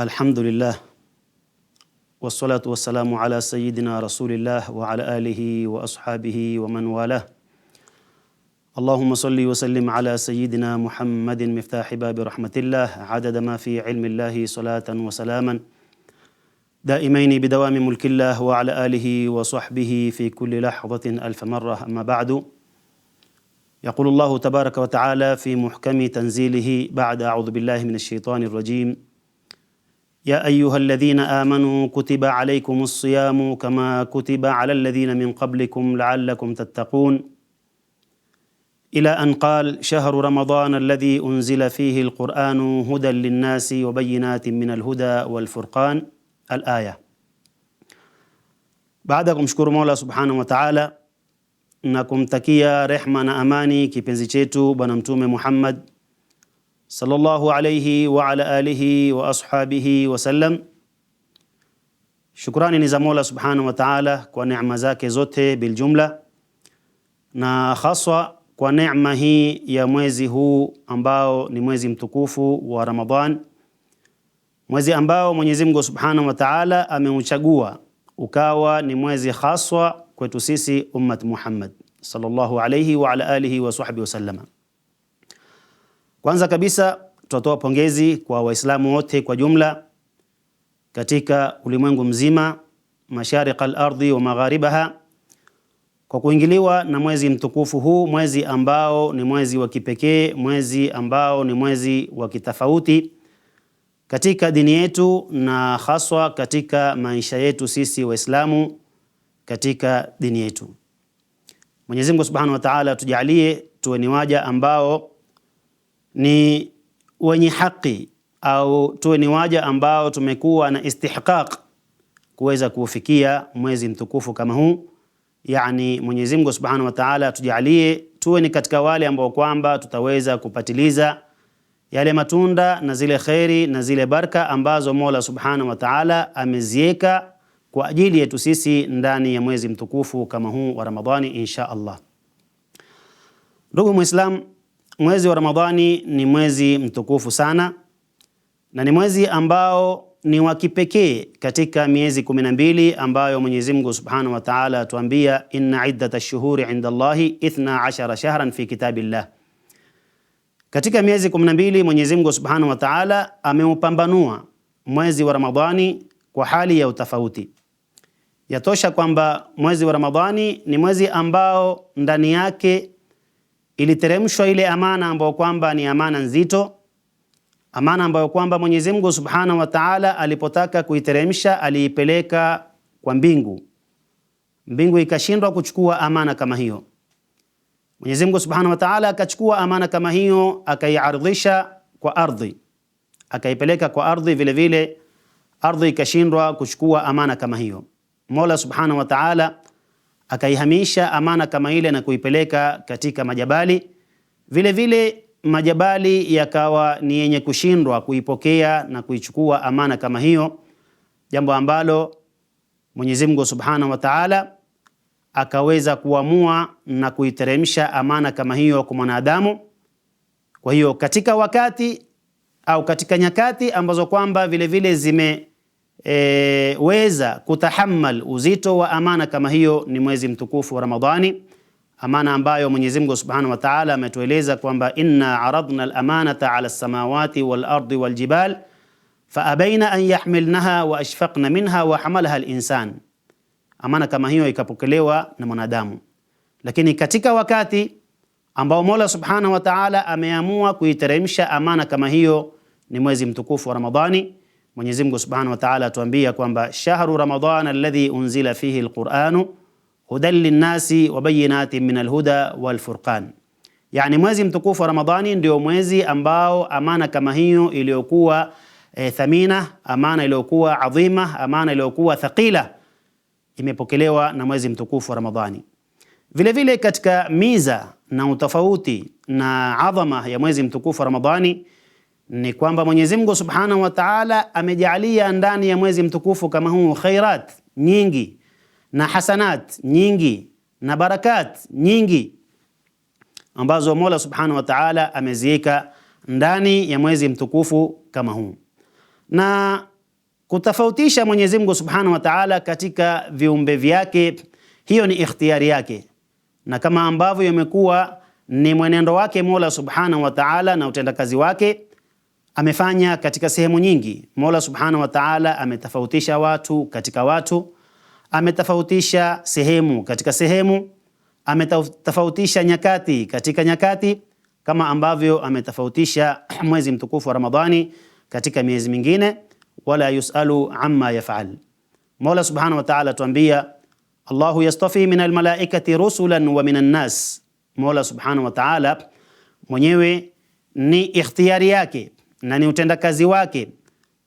الحمد لله والصلاة والسلام على سيدنا رسول الله وعلى آله وأصحابه ومن والاه اللهم صل وسلم على سيدنا محمد مفتاح باب رحمة الله عدد ما في علم الله صلاة وسلاما دائمين بدوام ملك الله وعلى آله وصحبه في كل لحظة ألف مرة أما بعد يقول الله تبارك وتعالى في محكم تنزيله بعد أعوذ بالله من الشيطان الرجيم يا ايها الذين امنوا كتب عليكم الصيام كما كتب على الذين من قبلكم لعلكم تتقون الى ان قال شهر رمضان الذي انزل فيه القران هدى للناس وبينات من الهدى والفرقان الايه بعدكم شكر مولى سبحانه وتعالى نكم تكيا رحمه اماني كي بنزيتو بنمتوم محمد sallallahu alayhi wa ala alihi wa ashabihi wasallam. Shukrani ni za Mola subhanahu wa ta'ala kwa neema zake zote biljumla, na haswa kwa neema hii ya mwezi huu ambao ni mwezi mtukufu wa Ramadhan, mwezi ambao Mwenyezi Mungu subhanahu wa ta'ala ameuchagua ukawa ni mwezi haswa kwetu sisi ummat Muhammad sallallahu alayhi wa ala alihi wa sahbihi wasallam. Kwanza kabisa tunatoa pongezi kwa Waislamu wote kwa jumla katika ulimwengu mzima, mashariq al-ardhi wa magharibaha, kwa kuingiliwa na mwezi mtukufu huu, mwezi ambao ni mwezi wa kipekee, mwezi ambao ni mwezi wa kitofauti katika dini yetu na haswa katika maisha yetu sisi Waislamu katika dini yetu. Mwenyezi Mungu Subhanahu wa Ta'ala, tujalie tuwe ni waja ambao ni wenye haki au tuwe ni waja ambao tumekuwa na istihqaq kuweza kuufikia mwezi mtukufu kama huu. Yani Mwenyezi Mungu Subhanahu wa Ta'ala atujalie tuwe ni katika wale ambao kwamba tutaweza kupatiliza yale matunda na zile kheri na zile baraka ambazo Mola Subhanahu wa Ta'ala amezieka kwa ajili yetu sisi ndani ya mwezi mtukufu kama huu wa Ramadhani insha Allah. Ndugu Muislam Mwezi wa Ramadhani ni mwezi mtukufu sana na ni mwezi ambao ni wa kipekee katika miezi kumi na mbili ambayo Mwenyezi Mungu Subhanahu wa Ta'ala atuambia inna iddatash shuhuri inda Allahi ithna ashara shahran fi kitabillah. Katika miezi kumi na mbili Mwenyezi Mungu Subhanahu wa Ta'ala ameupambanua mwezi wa Ramadhani kwa hali ya utofauti. Yatosha kwamba mwezi wa Ramadhani ni mwezi ambao ndani yake iliteremshwa ile amana ambayo kwamba ni amana nzito, amana ambayo kwamba Mwenyezi Mungu Subhanahu wa Ta'ala alipotaka kuiteremsha aliipeleka kwa mbingu, mbingu ikashindwa kuchukua amana kama hiyo. Mwenyezi Mungu Subhanahu wa Ta'ala akachukua amana kama hiyo akaiardhisha kwa ardhi, akaipeleka kwa ardhi vile vile, ardhi ikashindwa kuchukua amana kama hiyo. Mola Subhanahu wa Ta'ala akaihamisha amana kama ile na kuipeleka katika majabali. Vile vile majabali yakawa ni yenye kushindwa kuipokea na kuichukua amana kama hiyo, jambo ambalo Mwenyezi Mungu Subhanahu wa Ta'ala akaweza kuamua na kuiteremsha amana kama hiyo kwa mwanadamu. Kwa hiyo katika wakati au katika nyakati ambazo kwamba vile vile zime e, weza kutahamal uzito wa amana kama hiyo. Ni mwezi mtukufu wa Ramadhani, amana ambayo Mwenyezi Mungu Subhanahu wa Ta'ala ametueleza kwamba inna aradna al-amanata ala as-samawati wal-ardi wal-jibal faabaina an yahmilnaha wa ashfaqna minha wa hamalaha al-insan. Amana kama hiyo ikapokelewa na mwanadamu, lakini katika wakati ambao Mola Subhanahu wa Ta'ala ameamua kuiteremsha amana kama hiyo ni mwezi mtukufu wa Ramadhani. Mwenyezi Mungu Subhanahu wa Ta'ala atuambia kwamba shahru Ramadhan alladhi unzila fihi alquranu hudan linnasi wa bayinatin min alhuda walfurqan, yani mwezi mtukufu wa Ramadhani ndio mwezi ambao amana kama hiyo iliyokuwa e, thamina, amana iliyokuwa adhima, amana iliyokuwa thaqila imepokelewa na mwezi mtukufu wa Ramadhani. Vile vile katika miza na utofauti na adhama ya mwezi mtukufu wa Ramadhani ni kwamba Mwenyezi Mungu Subhanahu wa Ta'ala amejalia ndani ya mwezi mtukufu kama huu khairat nyingi na hasanat nyingi na barakat nyingi ambazo Mola Subhanahu wa Ta'ala ameziika ndani ya mwezi mtukufu kama huu, na kutofautisha Mwenyezi Mungu Subhanahu wa Ta'ala katika viumbe vyake, hiyo ni ikhtiari yake, na kama ambavyo imekuwa ni mwenendo wake Mola Subhanahu wa Ta'ala na utendakazi wake amefanya katika sehemu nyingi. Mola subhanahu wa taala ametofautisha watu katika watu, ametofautisha sehemu katika sehemu, ametofautisha nyakati katika nyakati, kama ambavyo ametofautisha mwezi mtukufu wa Ramadhani katika miezi mingine. Wala yusalu amma yafal. Mola subhanahu wa taala tuambia, Allahu yastafi min almalaikati rusulan wa min annas. Mola subhanahu wa taala mwenyewe ni ikhtiyari yake na ni utendakazi wake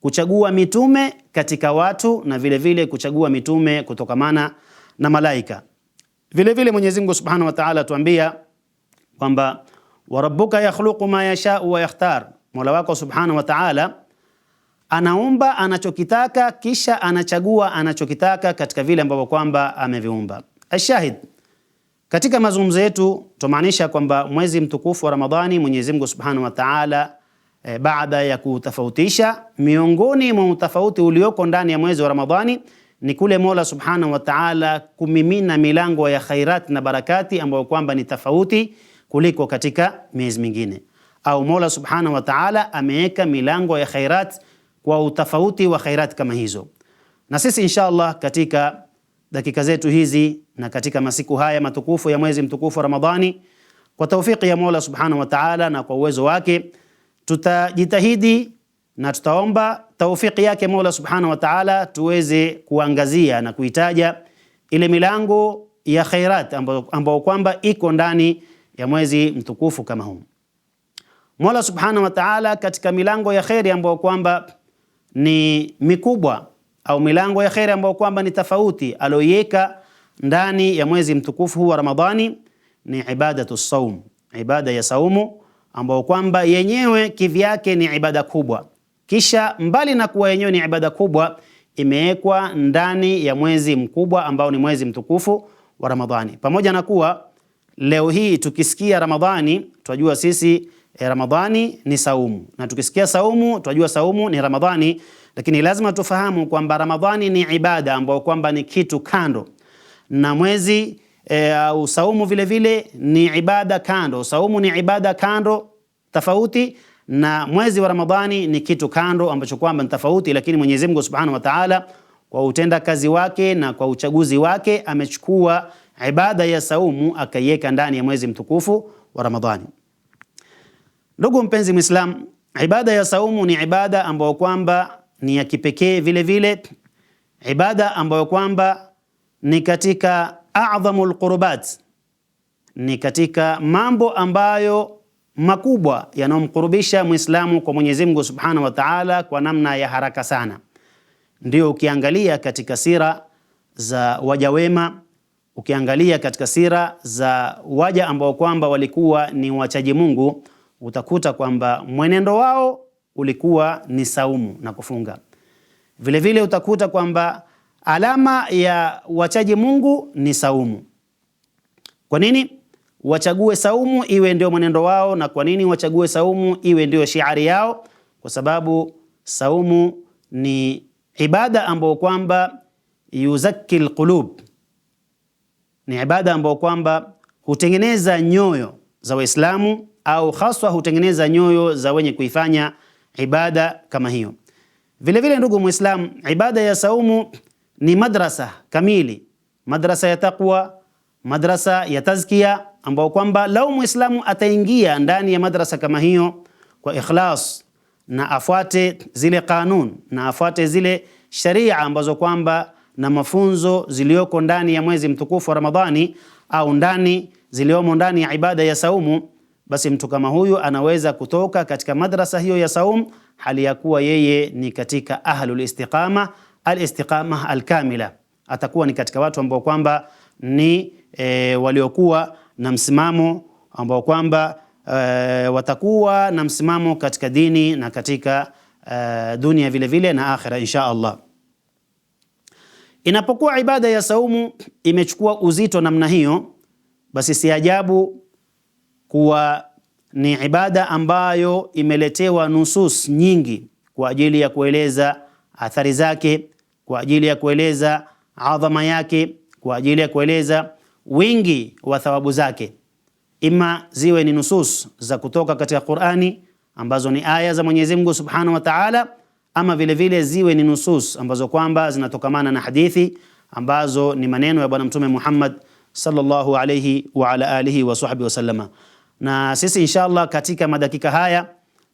kuchagua mitume katika watu na vile vile kuchagua mitume kutokamana na malaika. Vile vile Mwenyezi Mungu Subhanahu wa Ta'ala atuambia kwamba wa rabbuka yakhluqu ma yasha'u wa yakhtar, Mola wako Subhanahu wa Ta'ala anaumba anachokitaka kisha anachagua anachokitaka katika vile ambavyo kwamba ameviumba. Ashahid, katika mazungumzo yetu tumaanisha kwamba mwezi mtukufu wa Ramadhani Mwenyezi Mungu Subhanahu wa Ta'ala e, baada ya kutofautisha miongoni mwa utofauti ulioko ndani ya mwezi wa Ramadhani ni kule Mola Subhanahu wa Ta'ala kumimina milango ya khairati na barakati ambayo kwamba ni tofauti kuliko katika miezi mingine, au Mola Subhanahu wa Ta'ala ameweka milango ya khairati kwa utofauti wa khairati kama hizo. Na sisi inshallah katika dakika zetu hizi na katika masiku haya matukufu ya mwezi mtukufu wa Ramadhani, kwa taufiki ya Mola Subhanahu wa Ta'ala na kwa uwezo wake tutajitahidi na tutaomba taufiki yake Mola Subhanahu wa Ta'ala, tuweze kuangazia na kuitaja ile milango ya khairat ambayo kwamba iko ndani ya mwezi mtukufu kama huu. Mola Subhanahu wa Ta'ala, katika milango ya kheri ambayo kwamba ni mikubwa au milango ya kheri ambayo kwamba ni tofauti aliyoiweka ndani ya mwezi mtukufu huu wa Ramadhani ni ibadatu saum, ibada ya saumu ambao kwamba yenyewe kivyake ni ibada kubwa. Kisha mbali na kuwa yenyewe ni ibada kubwa, imewekwa ndani ya mwezi mkubwa ambao ni mwezi mtukufu wa Ramadhani. Pamoja na kuwa leo hii tukisikia Ramadhani tunajua sisi eh, Ramadhani ni saumu, na tukisikia saumu tunajua saumu ni Ramadhani, lakini lazima tufahamu kwamba Ramadhani ni ibada ambayo kwamba ni kitu kando na mwezi e, au saumu vile vile ni ibada kando. Saumu ni ibada kando, tofauti na mwezi wa Ramadhani ni kitu kando ambacho kwamba ni tofauti, lakini Mwenyezi Mungu Subhanahu wa Ta'ala kwa utenda kazi wake na kwa uchaguzi wake amechukua ibada ya saumu akaiweka ndani ya mwezi mtukufu wa Ramadhani. Ndugu mpenzi Muislam, ibada ya saumu ni ibada ambayo kwamba ni ya kipekee vile vile, ibada ambayo kwamba ni katika a'dhamul qurbat, ni katika mambo ambayo makubwa yanayomkurubisha Muislamu kwa Mwenyezi Mungu Subhanahu wa Ta'ala kwa namna ya haraka sana. Ndio ukiangalia katika sira za waja wema, ukiangalia katika sira za waja ambao kwamba walikuwa ni wachaji Mungu, utakuta kwamba mwenendo wao ulikuwa ni saumu na kufunga. Vilevile vile utakuta kwamba Alama ya wachaji Mungu ni saumu. Kwa nini wachague saumu iwe ndio mwenendo wao? Na kwa nini wachague saumu iwe ndio shiari yao? Kwa sababu saumu ni ibada ambayo kwamba yuzakki alqulub, ni ibada ambayo kwamba hutengeneza nyoyo za Waislamu au haswa hutengeneza nyoyo za wenye kuifanya ibada kama hiyo. Vilevile ndugu Muislamu, ibada ya saumu ni madrasa kamili, madrasa ya taqwa, madrasa ya tazkia, ambao kwamba lau Muislamu ataingia ndani ya madrasa kama hiyo kwa ikhlas na afuate zile kanun na afuate zile sharia ambazo kwamba na mafunzo ziliyoko ndani ya mwezi mtukufu wa Ramadhani au ndani ziliomo ndani ya ibada ya saumu, basi mtu kama huyu anaweza kutoka katika madrasa hiyo ya saumu hali ya kuwa yeye ni katika ahlul istiqama al-istiqama al-kamila, atakuwa ni katika watu ambao kwamba ni e, waliokuwa na msimamo ambao kwamba e, watakuwa na msimamo katika dini na katika e, dunia vile vile na akhira insha Allah. Inapokuwa ibada ya saumu imechukua uzito namna hiyo, basi si ajabu kuwa ni ibada ambayo imeletewa nusus nyingi kwa ajili ya kueleza athari zake, kwa ajili ya kueleza adhama yake, kwa ajili ya kueleza wingi wa thawabu zake, ima ziwe ni nusus za kutoka katika Qur'ani ambazo ni aya za Mwenyezi Mungu Subhanahu wa Ta'ala, ama vile vile ziwe ni nusus ambazo kwamba zinatokamana na hadithi ambazo ni maneno ya Bwana Mtume Muhammad sallallahu alayhi wa ala alihi wa sahbihi wasallama. Na sisi inshallah katika madakika haya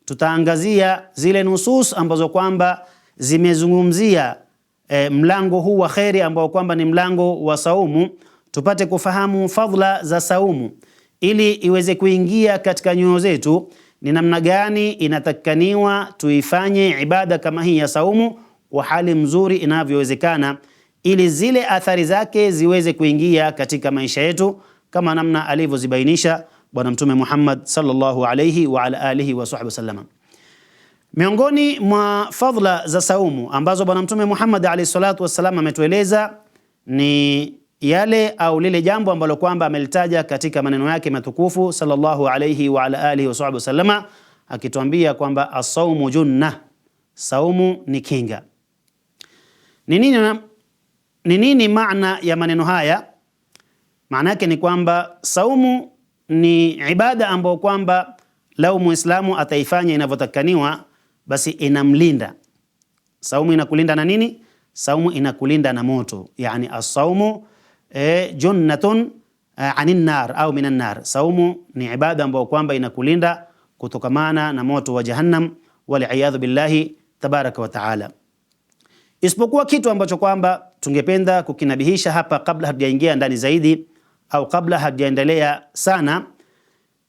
tutaangazia zile nusus ambazo kwamba zimezungumzia e, mlango huu wa kheri ambao kwamba ni mlango wa saumu, tupate kufahamu fadhila za saumu ili iweze kuingia katika nyoyo zetu, ni namna gani inatakikaniwa tuifanye ibada kama hii ya saumu kwa hali mzuri inavyowezekana, ili zile athari zake ziweze kuingia katika maisha yetu kama namna alivyozibainisha Bwana Mtume Muhammad sallallahu alayhi wa ala alihi wa sahbihi wasallam. Miongoni mwa fadhila za saumu ambazo Bwana Mtume Muhammad alayhi salatu wassalam ametueleza ni yale au lile jambo ambalo kwamba amelitaja katika maneno yake matukufu sallallahu alayhi wa ala alihi wasahbihi wasallama, akituambia kwamba asaumu junna, saumu ni kinga. Ni nini, ni nini maana ya maneno haya? Maana yake ni kwamba saumu ni ibada ambayo kwamba lau muislamu ataifanya inavyotakaniwa basi inamlinda saumu. Inakulinda na nini? Saumu inakulinda na moto, yani asaumu eh, junnatun e, anin nar au minan nar. Saumu ni ibada ambayo kwamba inakulinda kutokamana na moto wa Jahannam, wal iyadhu billahi tabaraka wa taala. Isipokuwa kitu ambacho kwamba tungependa kukinabihisha hapa kabla hatujaingia ndani zaidi au kabla hatujaendelea sana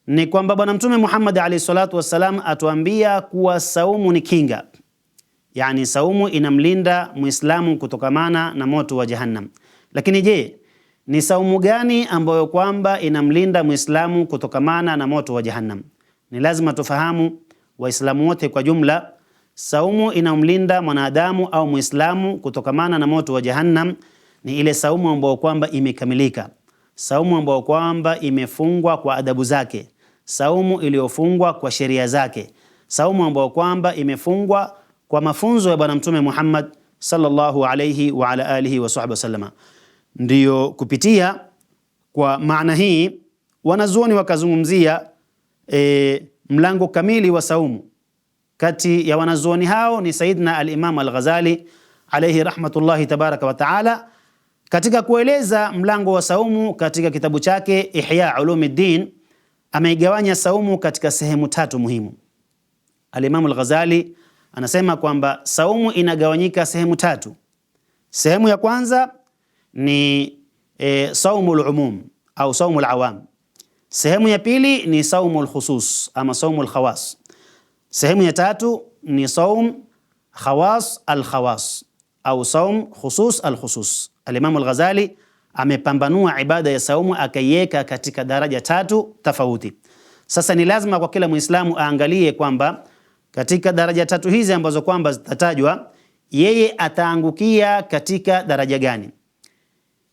ni kwamba Bwana Mtume Muhammad alayhi salatu wassalam atuambia kuwa saumu ni kinga, yani saumu inamlinda Muislamu kutokamana na moto wa Jahannam. Lakini je, ni saumu gani ambayo kwamba inamlinda Muislamu kutokamana na moto wa Jahannam? Ni lazima tufahamu Waislamu wote kwa jumla, saumu inamlinda mwanadamu au Muislamu kutokamana na moto wa Jahannam ni ile saumu ambayo kwamba imekamilika, saumu ambayo kwamba imefungwa kwa adabu zake saumu iliyofungwa kwa sheria zake, saumu ambayo kwamba imefungwa kwa mafunzo ya Bwana Mtume Muhammad sallallahu alayhi wa ala alihi wa sahbihi wasallama. Ndiyo, kupitia kwa maana hii wanazuoni wakazungumzia e, mlango kamili wa saumu. Kati ya wanazuoni hao ni Saidna al-Imam al-Ghazali alayhi rahmatullahi tabaraka wa taala katika kueleza mlango wa saumu katika kitabu chake Ihya Ulumuddin ameigawanya saumu katika sehemu tatu muhimu. Alimamu Al-Ghazali anasema kwamba saumu inagawanyika sehemu tatu. Sehemu ya kwanza ni e, saumu lumum au saumu lawam Sehemu ya pili ni saumu lkhusus ama saumu lkhawas Sehemu ya tatu ni saum khawas alkhawas au saum khusus alkhusus Alimamu Al-Ghazali amepambanua ibada ya saumu akaiweka katika daraja tatu tofauti. Sasa ni lazima kwa kila Muislamu aangalie kwamba katika daraja tatu hizi ambazo kwamba zitatajwa, yeye ataangukia katika daraja gani?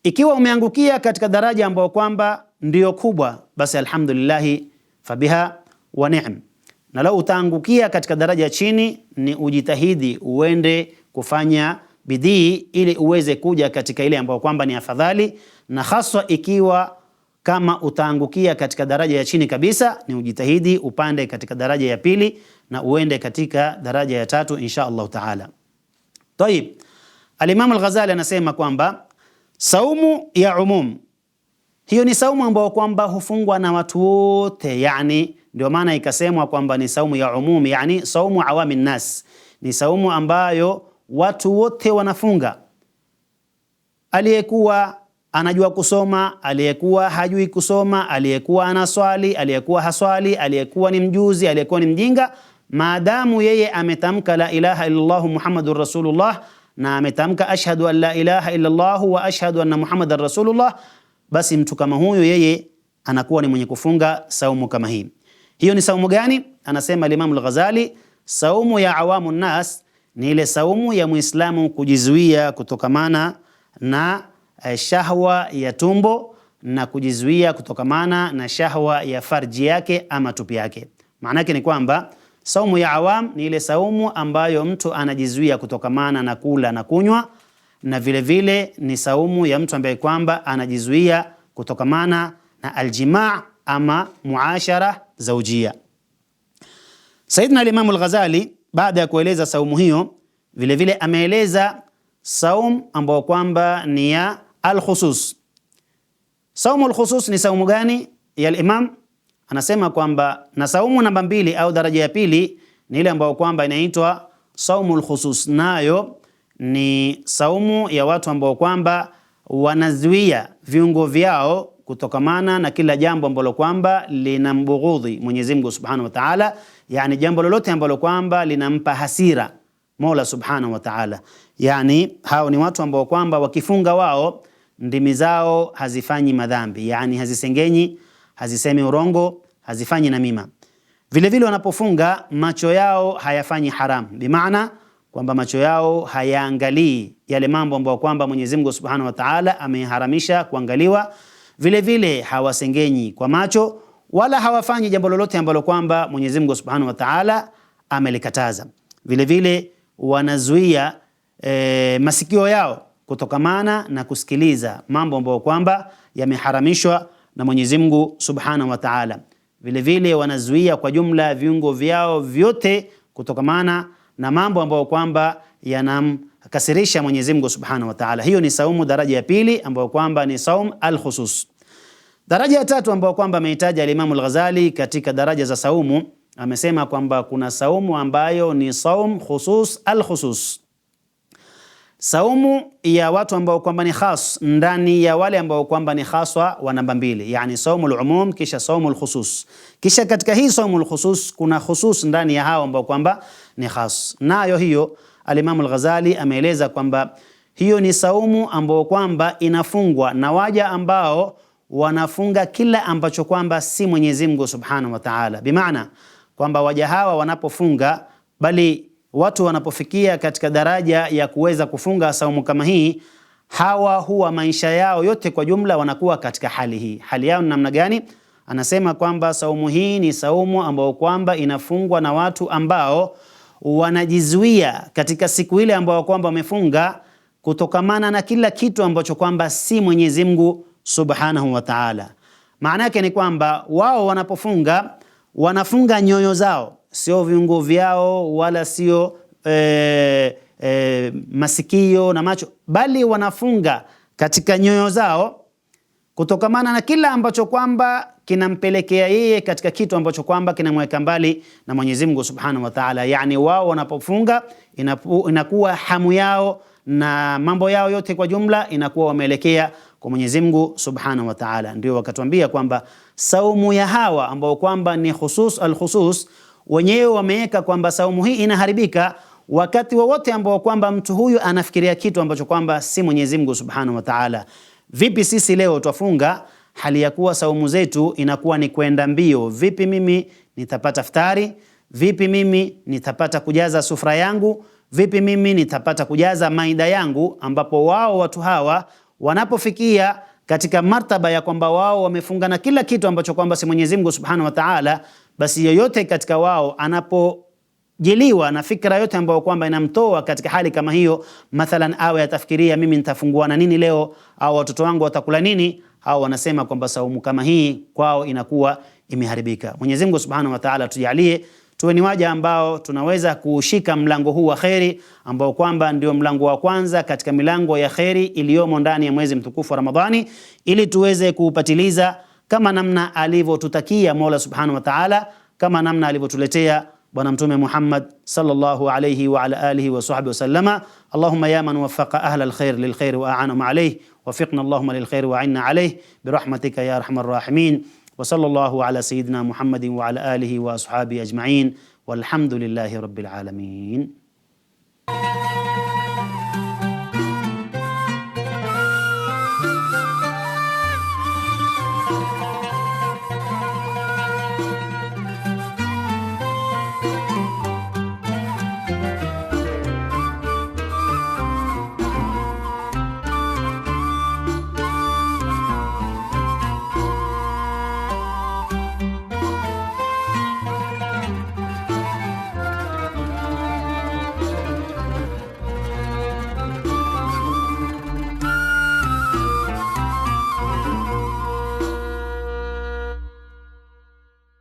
Ikiwa umeangukia katika daraja ambayo kwamba ndiyo kubwa, basi alhamdulillahi fabiha wa ni'am, na lau utaangukia katika daraja chini, ni ujitahidi uende kufanya bidii ili uweze kuja katika ile ambayo kwamba ni afadhali, na haswa ikiwa kama utaangukia katika daraja ya chini kabisa, ni ujitahidi upande katika daraja ya pili na uende katika daraja ya tatu insha Allah taala. Tayib, Alimamu Al-Ghazali anasema kwamba saumu ya umum hiyo ni saumu ambayo kwamba hufungwa na watu wote, yani ndio maana ikasemwa kwamba ni saumu ya umumi, yani saumu awami nnas, ni saumu ambayo watu wote wanafunga, aliyekuwa anajua kusoma, aliyekuwa hajui kusoma, aliyekuwa anaswali, aliyekuwa haswali, aliyekuwa ni mjuzi, aliyekuwa ni mjinga, maadamu yeye ametamka la ilaha illallah muhammadur rasulullah na ametamka ashhadu an la ilaha illallah wa ashhadu anna muhammadan rasulullah, basi mtu kama huyo yeye anakuwa ni mwenye kufunga saumu kama hii. Hiyo ni saumu gani? Anasema Imam al-Ghazali, saumu ya awamu nnas ni ile saumu ya Muislamu kujizuia kutokamana na eh, shahwa ya tumbo na kujizuia kutokamana na shahwa ya farji yake ama tupi yake. Maana yake ni kwamba saumu ya awam ni ile saumu ambayo mtu anajizuia kutokamana na kula na kunywa, na vile vile ni saumu ya mtu ambaye kwamba anajizuia kutokamana na aljimaa ama muashara zaujia. Saidna al-Imam al-Ghazali baada ya kueleza saumu hiyo, vile vile ameeleza saumu ambayo kwamba ni ya alkhusus. Saumu alkhusus ni saumu gani ya Imam? Anasema kwamba na saumu namba mbili au daraja ya pili ni ile ambayo kwamba inaitwa saumu alkhusus, nayo ni saumu ya watu ambao kwamba wanazuia viungo vyao kutokamana na kila jambo ambalo kwamba linambughudhi Mwenyezi Mungu Subhanahu wa Ta'ala, yani jambo lolote ambalo kwamba linampa hasira Mola Subhanahu wa Ta'ala. Yani hao ni watu ambao kwamba wakifunga wao ndimi zao hazifanyi madhambi, yani hazisengenyi, hazisemi urongo, hazifanyi namima. Vile vile wanapofunga macho yao hayafanyi haramu, maana kwamba macho yao hayaangalii yale mambo ambayo kwamba Mwenyezi Mungu Subhanahu wa Ta'ala ameharamisha kuangaliwa. Vilevile hawasengenyi kwa macho wala hawafanyi jambo lolote ambalo kwamba Mwenyezi Mungu Subhanahu wa Ta'ala amelikataza. Vilevile wanazuia e, masikio yao kutokamana na kusikiliza mambo ambayo kwamba yameharamishwa na Mwenyezi Mungu Subhanahu wa Ta'ala. Vilevile wanazuia kwa jumla viungo vyao vyote kutokamana na mambo ambayo kwamba yanam akasirisha Mwenyezi Mungu Subhanahu wa Ta'ala. Hiyo ni saumu daraja ya pili ambayo kwamba ni saum al-khusus. Daraja ya tatu ambayo kwamba ameitaja imam al-Ghazali katika daraja za saumu, amesema kwamba kuna saumu ambayo ni saum khusus al-khusus. Saumu ya watu ambao kwamba ni khas ndani ya wale ambao kwamba ni haswa wa namba mbili, yani saumul umum kisha saumul khusus. Kisha katika hii saumul khusus kuna khusus ndani ya hao ambao kwamba ni khas. Nayo hiyo Alimamu Al-Ghazali ameeleza kwamba hiyo ni saumu ambayo kwamba inafungwa na waja ambao wanafunga kila ambacho kwamba si Mwenyezi Mungu Subhanahu wa Ta'ala. Bimaana kwamba waja hawa wanapofunga, bali watu wanapofikia katika daraja ya kuweza kufunga saumu kama hii, hawa huwa maisha yao yote kwa jumla wanakuwa katika hali hii. Hali yao ni namna gani? Anasema kwamba saumu hii ni saumu ambayo kwamba inafungwa na watu ambao wanajizuia katika siku ile ambayo kwamba wamefunga kutokamana na kila kitu ambacho kwamba si Mwenyezi Mungu Subhanahu wa Ta'ala. Maana yake ni kwamba wao wanapofunga wanafunga nyoyo zao, sio viungo vyao wala sio e, e, masikio na macho, bali wanafunga katika nyoyo zao kutokamana na kila ambacho kwamba kinampelekea yeye katika kitu ambacho kwamba kinamweka mbali na Mwenyezi Mungu Subhanahu wa Ta'ala. Yani wao wanapofunga inakuwa hamu yao na mambo yao yote kwa jumla inakuwa wameelekea kwa Mwenyezi Mungu Subhanahu wa Ta'ala. Ndio wakatuambia kwamba saumu ya hawa ambao kwamba ni khusus al khusus, wenyewe wameweka kwamba saumu hii inaharibika wakati wowote wa ambao kwamba mtu huyu anafikiria kitu ambacho kwamba si Mwenyezi Mungu Subhanahu wa Ta'ala. Vipi sisi leo twafunga hali ya kuwa saumu zetu inakuwa ni kwenda mbio? Vipi mimi nitapata ftari Vipi mimi nitapata kujaza sufra yangu? Vipi mimi nitapata kujaza maida yangu? Ambapo wao watu hawa wanapofikia katika martaba ya kwamba wao wamefunga na kila kitu ambacho kwamba si Mwenyezi Mungu Subhanahu wa Ta'ala, basi yoyote katika wao anapo jiliwa na fikra yote ambayo kwamba inamtoa katika hali kama hiyo. Mathalan, awe atafikiria mimi nitafungua na nini leo, au watoto wangu watakula nini, au wanasema kwamba saumu kama hii kwao inakuwa imeharibika. Mwenyezi Mungu Subhanahu wa Ta'ala tujalie tuwe ni waja ambao tunaweza kushika mlango huu wa kheri ambao kwamba ndio mlango wa kwanza katika milango ya kheri iliyomo ndani ya mwezi mtukufu wa Ramadhani, ili tuweze kuupatiliza kama namna alivyotutakia Mola Subhanahu wa Ta'ala, kama namna alivyotuletea بنا محمد صلى الله عليه وعلى آله وصحبه وسلم اللهم يا من وفق أهل الخير للخير وأعانهم عليه وفقنا اللهم للخير وعنا عليه برحمتك يا أرحم الراحمين وصلى الله على سيدنا محمد وعلى آله وأصحابه أجمعين والحمد لله رب العالمين